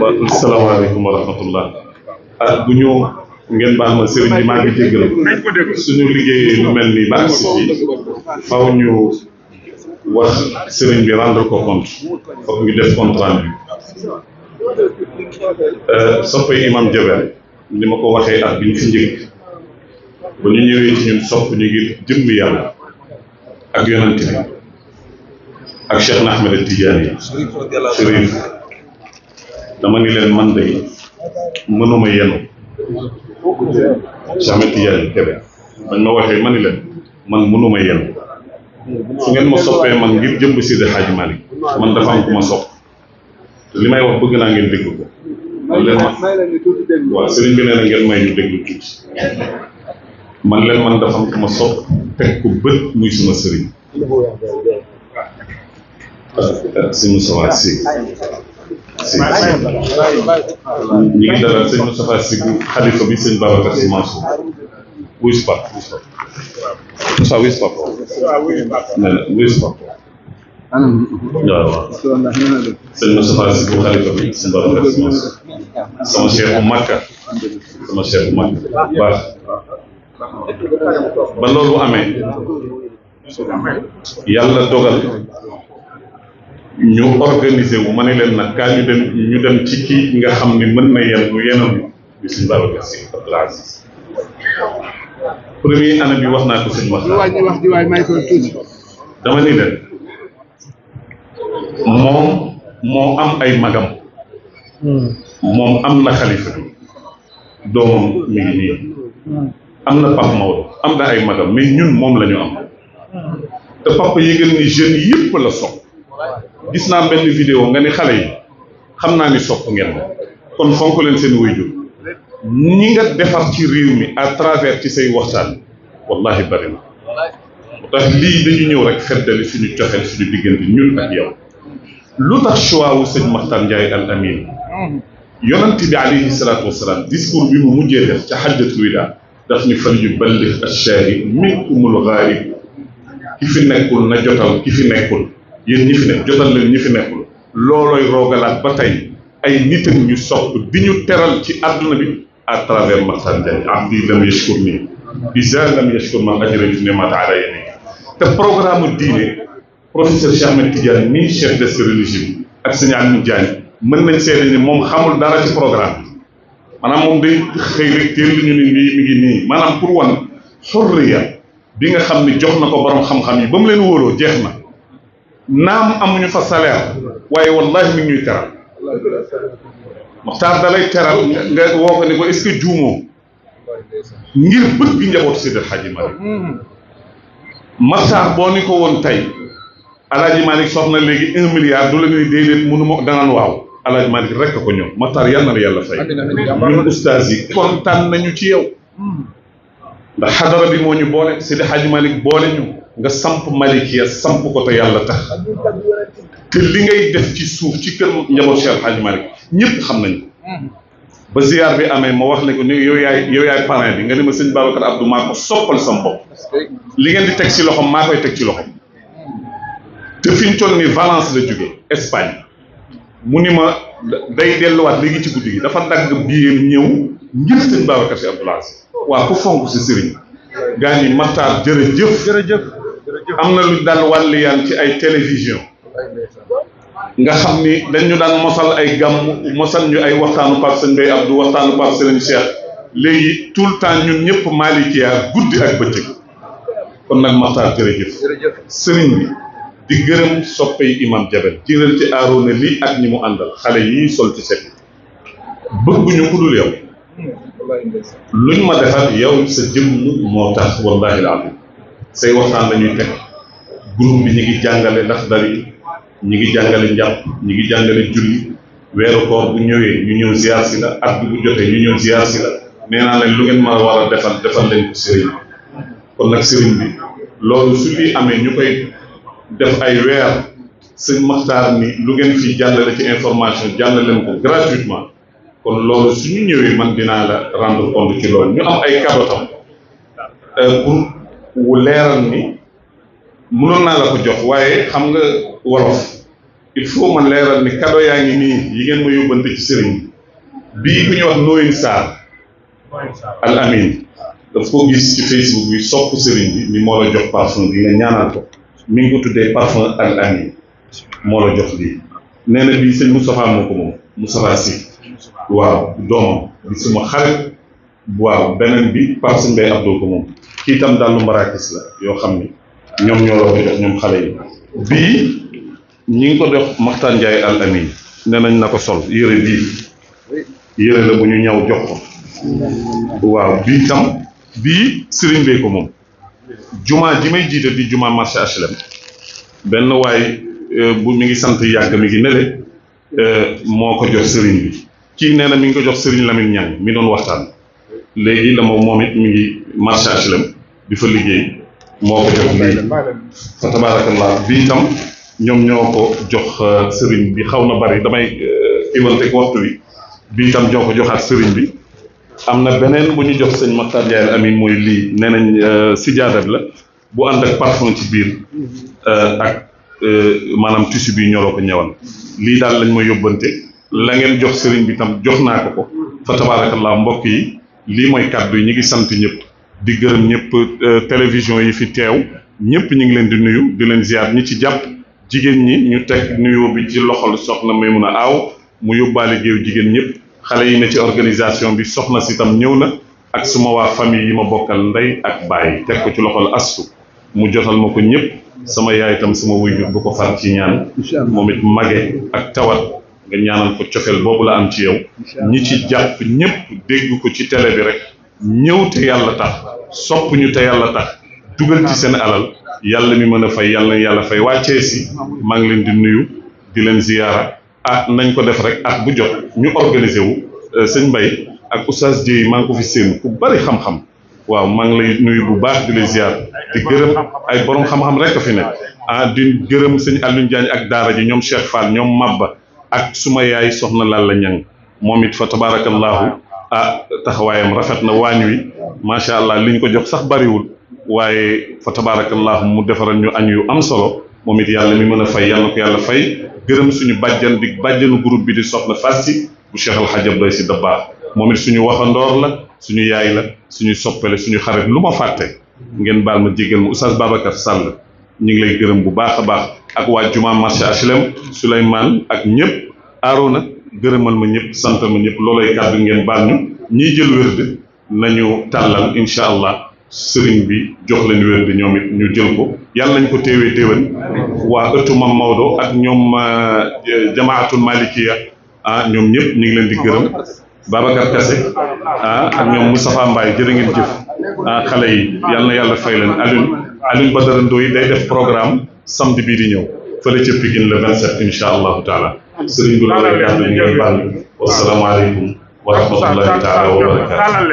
wa salaamaaleykum wa rahmatullah ah bu ñu ngeen baal ma sëriñ bi maa ngi jéggal suñu liggéey lu mel ni ba agsi fii faw ñu wax sëriñ bi rendre ko compte foog ñu def compte euh, rendu soppay imam Jaber ni ma ko waxee ak bi ñu fi njëkk ba ñu ñëwee ci ñun sopp ñu ngir jëmm yàlla ak yonante bi ak Cheikh na Ahmed Tidiane Chérif dama ni leen man de mënuma yenu samet yéen kebe bañ ma waxee ma ni leen man mënuma yenu su ngeen ma soppee man ngir jëmb Seydi Hadji Malick man dafa am ma sopp te li may wax bëgg naa ngeen déglu ko man leen ma waaw sëriñ leen man dafa am ku ma bët muy suma sëriñ suñu sawaat si si ñu ngi dalal sëñ Moustapha Sy bu xalifa bi sëñ Babacar Sy Mansour wuyu si Pape wuyu si Pape wuyu si Pape waaw waaw sëñ Moustapha Sy bu xalifa bi sëñ Babacar Sy Mansour sama cheikh bu Makka sama cheikh bu Makka ba loolu amee yàlla dogal ñu organisé wu mané len nak ka ñu dem ñu dem ci ki nga xamni mën na yel bu yenam bismillah suñ Babacar Si Abdoul premier année bi wax ko suñ wax wàññi wax di way may ko tuti dama ni leen mom mo am ay magam Mom hmm. am na khalifa doomam mi ngi am na pap Maodo am da ay magam mais ñun mom lañu am hmm. te papa yëgal ni jeune yépp la sopp gisna naa benn vidéo nga ni xale yi xamna ni sopp ngeen kon fonku len seen wayjur ñi nga defar ci réew mi à travers ci say waxtaan wallahi barina tax li dañu ñëw rek xeddal suñu joxel suñu diggante ñun ak yow lutax choix wu seigne martan jay al Amin yonent bi alayhi salatu wassalam discours bi mu mujjé def ci hajjatul wida daf ni fal yu ash ashaahid minkumul gharib kifi nekul na jotal kifi nekul yéen ñi fi ne jotal leen ñi fi nekkul loolooy roogalaat ba tey ay nitam ñu sopp di ñu teral ci àdduna bi à travers Mahtar Ndiaye abdi lam yashkur nii biza lam yashkur man ajra fi nimat ala yene te programme diine professeur Cheikh Ahmed Tidiane nii chef de religieux ak sëñ Aliou Diagne mën nañ seede ni moom xamul dara ci programme maanaam moom day xëy rek teel ñu ne lii mi ngi nii maanaam pour wan xurriya bi nga xam ne jox na ko borom xam-xam yi ba mu leen wóoloo jeex na naam amuñu fa salaire waaye wallahi mi ngi ñuy teral Muxtaar da lay teral nga woo ko ne ko est juumoo ngir bëgg njabootu Seydi El Hadji Malick boo ni ko woon tey Alaaji Malick soxna léegi un milliard du la ñuy déedéet mënu ma danaan waaw Alaaji Malick a ko ñëw Muxtaar yal na la yàlla fay ñun ustaas yi kontaan nañu ci yow mm. ndax xadara bi moo ñu boole Seydi El boole ñu nga samp malikiya samp ko te yàlla tax te li ngay def ci suuf ci kër njaboot Cheikh El Hadj Malick ñëpp xam nañu ba ziar bi amee ma wax ne ko ni yow yaay yow yaay parrain bi nga ne ma sëñ Babacar Abdou maa ko soppal sam li ngeen di teg ci loxom maa koy teg ci loxom te fi ñu toll nii Valence la jógee Espagne mu ni ma day delluwaat léegi ci guddi gi dafa dagg biir ñëw ngir sëñ Babacar si Abdoul Aziz waa ku fonk si sëriñ gaa ñi Matar jërëjëf jërëjëf am na lu dal wàlliyaan ci ay télévision nga xam ni dañu daan mosal ay gàmm mosal ñu ay waxtaanu parce Sëñ Bay Abdou waxtaanu Pape Sëñ Cheikh léegi tout le temps ñun ñëpp Malikia guddi ak kon nag Maxtaar jërëjëf bi di gërëm soppe yi imam Jabel jiiral ci aaroona lii ak ñi mu àndal xale yi sol ci set bëgguñu ku yow hmm. luñ ma defar yow sa jëmm moo tax wallahi alazim say waxtan lañuy tek groupe bi ñi ngi jàngale ndax dari ñi ngi jàngale njàpp ñi ngi jàngale julli weeru koor bu ñëwee ñu ñëw ziar si la ak bu jotee ñu ñëw ziar si la nee naa leen lu ngeen ma war a defal defal leen ko sëriñ kon nag sëriñ bi loolu su fi amee ñu koy def ay weer sëñ maxtaar ni lu ngeen fi jàllale ci information jàllaleen ko gratuitement kon loolu su ñu ñëwee man dinaa la rendre compte ci loolu ñu am ay cadeau tam euh, pour wu leeral ni mënoon naa la ko jox waaye xam nga wolof il faut ma leeral ni kado yaa ngi nii yi ngeen ma yóbbante ci sëriñ bii ku ñu wax Noyin Sarr al amin daf ko gis ci facebook bi sopp sëriñ bi ni moo la jox parfum bi nga ñaanal ko mi ngi ko tuddee parfum al amin moo la jox lii nee na bii sëñ Moustapha moo ko moom Moustapha Sy waaw doomam bi suma xarit waaw beneen bi parce mbay Abdou ko moom kitam dalu marakis la yo xamni ñom ñoo la ko ñom xalé yi bi ñi ngi ko def maktan jay al amin nee nañ na sol yere bi yere la bu ñu ñaw jox ko waaw bi tam bi serigne be ko mom juma ji may jité di juma marché aslam H&M. ben way euh, bu mi ngi sante yag mi ngi nele euh ko jox serigne bi ki neena mi ngi ko jox serigne lamin ñang mi doon waxtan legui la moom momit mi ngi marché aslam H&M. di fa liggéey moo ko jox lii fa bii tam ñoom ñoo ko jox euh, sëriñ bi xaw na bari damay euh, iwante ko waxtu wi bi tam ñoo ko joxaat sëriñ bi am na beneen bu ñu jox sëñ Makhtar Ndiaye Amin mooy lii nee nañ euh, sijaada bi la bu ànd ak parfum ci biir ak maanaam tissu bi ñoroo ko ñëwal lii daal lañ mooy yóbbante la jox sëriñ bi tam jox naa ko ko fa tabaarakallaa mbokk yi lii mooy kàddu yi ñu ngi sant ñëpp di gërëm ñëpp euh, télévision yi fi teew ñëpp ñu ngi leen di nuyu di leen ziar ñi ci jàpp jigéen ñi ñu teg nuyoo bi ci loxol soxna a Aw mu yóbbaale géew jigéen ñëpp xale yi na ci organisation bi soxna si tam ñëw na ak suma waa fami yi ma bokkal ndey ak baay teg ko ci loxol astu mu jotal ma ko ñëpp sama yaay itam suma wujju bu ko far ci ñaan moom it mage ak tawat nga ñaanal ko cofeel boobu la am ci yow ñi ci jàpp ñëpp dégg ko ci télé bi rek ñëw te yàlla tax sopp ñu te yàlla tax dugal ci seen alal yàlla mi mën a fay yàlla yàlla fay wàccee si maa ngi leen di nuyu di leen ziyaara ah nañ ko def rek at bu jot ñu organiser wu euh, sëñ Mbaye ak Oustaz Dieye maa ngi ko fi séenu ku bari xam-xam waaw maa ngi lay nuyu bu baax di lay ziyaar di gërëm ay boroom xam-xam rek fi nekk ah di gërëm sëñ Alioune Diagne ak daara ji ñoom Cheikh Fall ñoom Mabba ak suma yaay soxna laal la Ñang moom it fa tabaarakallaahu ah taxawaayam rafet na waañ wi macha allah liñ ko jox sax bariwul waaye fa tabaarakallaahu mu defaral ñu añ yu am solo moom it yàlla mi mën a fay yàlla ko yàlla fay gërëm suñu bàjjan di bàjjanu groupe bi di soxna Fass si bu Cheikh Al Hadj si Sy Dabakh moom it suñu waxandoor la suñu yaay la suñu soppale suñu xarit lu ma fàtte ngeen baal ma jégal ma oustaz Babacar Sall ñu ngi lay gërëm bu baax a baax ak waa Juma marché HLM Souleymane ak ñëpp aaroona gërëmal ma ñëpp sant ma ñëpp loolay kàddu ngeen baal ñu ñiy jël wérd nañu tàllal incha allah sëriñ bi jox leen wérd ñoom it ñu jël ko yàlla nañ ko téewee déwén waa ëttu Mam Maodo ak ñoom euh, jamaatul malikiya ah ñoom ñëpp ñu ngi leen di gërëm Babacar Kassé ah, ak ñoom Moustapha Mbaye jërë ngeen jëf ah, xale yi yàlla yàlla fay leen Alioune Alioune Badara Ndoye day def programme samedi bii di ñëw fële ca Pikine le 27 incha allahu taala sëriñ bi loolu rek ñu ngi bal wasalaamaaleykum wa rahmatullahi taala wa barakatu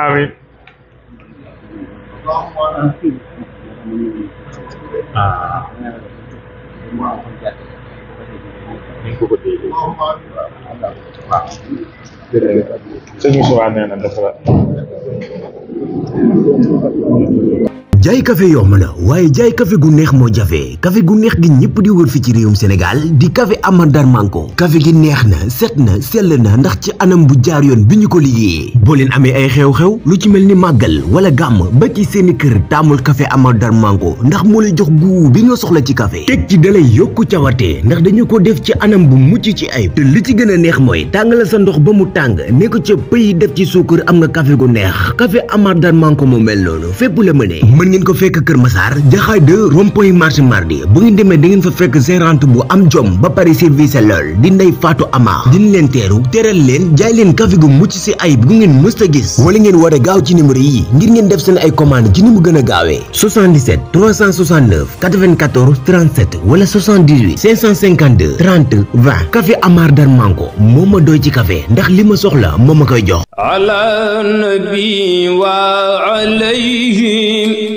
Amin. Ah. ni nga ko bëggee léegi. waaw jërëjëf sëñ Moussa nee na dafa jaay café yomb na waaye jaay kafe gu neex moo jafe kafe gu neex gi ñëpp di wër ci réewum Sénégal di café Amadar Manko café gi neex na set na sell na ndax ci anam bu jaar yoon bi ñu ko liggéeyee boo leen amee ay xew-xew lu ci mel ni màggal wala gàmm ba ci seeni kër taamul café Amadar Manko ndax moo lay jox guu bi nga soxla ci kafe teg ci dalay yokku cawatee ndax dañu ko def ci anam bu mucc ci ay te li ci gën a neex mooy tàngala sa ndox ba mu tàng ne ko ca pëyi def ci suukar am nga café gu neex café Amadar Manko moo mel noonu mën ngeen ko fekk Kër Massar jaxay de rond-point marché mardi bu ngi démé da ngeen fa fekk gérante bu am jom ba paris service lol di ndey Fatou Ama di leen téru téral leen jaay leen café gu mucc ci ay bu ngeen mës a gis wala ngeen wara gaaw ci numéro yi ngir ngeen def seen ay commande ci ni gëna gën 77 369 94 37 wala 78 552 30 20 café Amar dar mango moma doy ci café ndax lima soxla moma koy jox nabi wa alayhi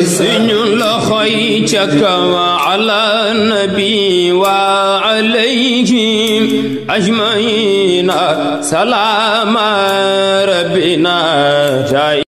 حسين لخيتك وعلى النبي وعليهم أجمعين سلام ربنا